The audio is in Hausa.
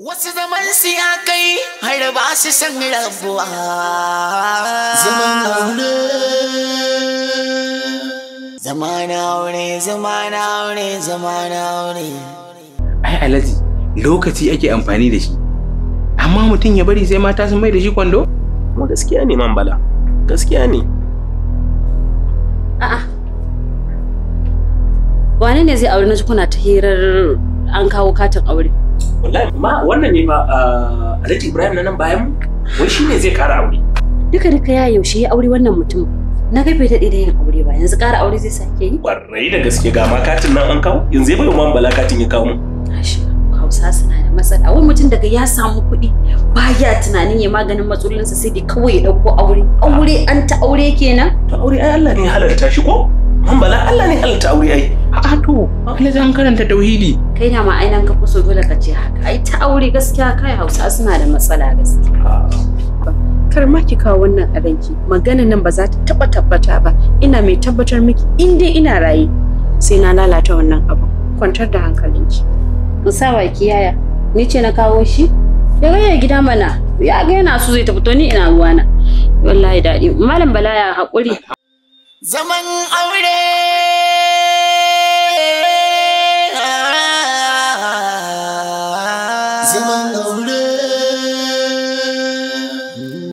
Wasu zaman ya kai har ba su san rabuwa. Zaman aure. Zaman aure, zaman aure, zaman aure. Ai alaji lokaci ake amfani da shi. Amma mutum ya bari sai mata sun mai da shi kwando? Kuma gaskiya ne man bala. Gaskiya ne. A'a. Wane ne zai aure na kuna ta hirar an kawo katin aure? wallahi ma wannan ne ma ah, alhaji ibrahim na nan bayan wai shi ne zai kara aure duka duka ya yaushe ya aure wannan mutum na ga bai daɗe da yin aure ba yanzu kara aure zai sake yi ƙwarai da gaske ga ma katin nan an kawo yanzu bai man bala katin ya kawo mu hausa suna da matsala wai mutum daga ya samu kuɗi ba ya tunanin ya maganin matsalolinsa sai dai kawai ya ɗauko aure aure an ta aure kenan to aure ai Allah ne halarta shi ko man bala Allah ne halarta aure ai a to kullum zan karanta tauhidi kai na ma ainan ka kusa dole ka ce haka ai ta aure gaskiya kai hausa suna da matsala gaskiya kar ma ki kawo wannan aranki maganan nan ba za ta taba tabbata ba ina mai tabbatar miki in dai ina raye sai na lalata wannan abu kwantar da hankalinki wa ki yaya ni ce na kawo shi ya gaya gida mana ya ga yana so zai tafi to ni ina ruwana wallahi daɗi malam bala ya haƙuri zaman aure Amado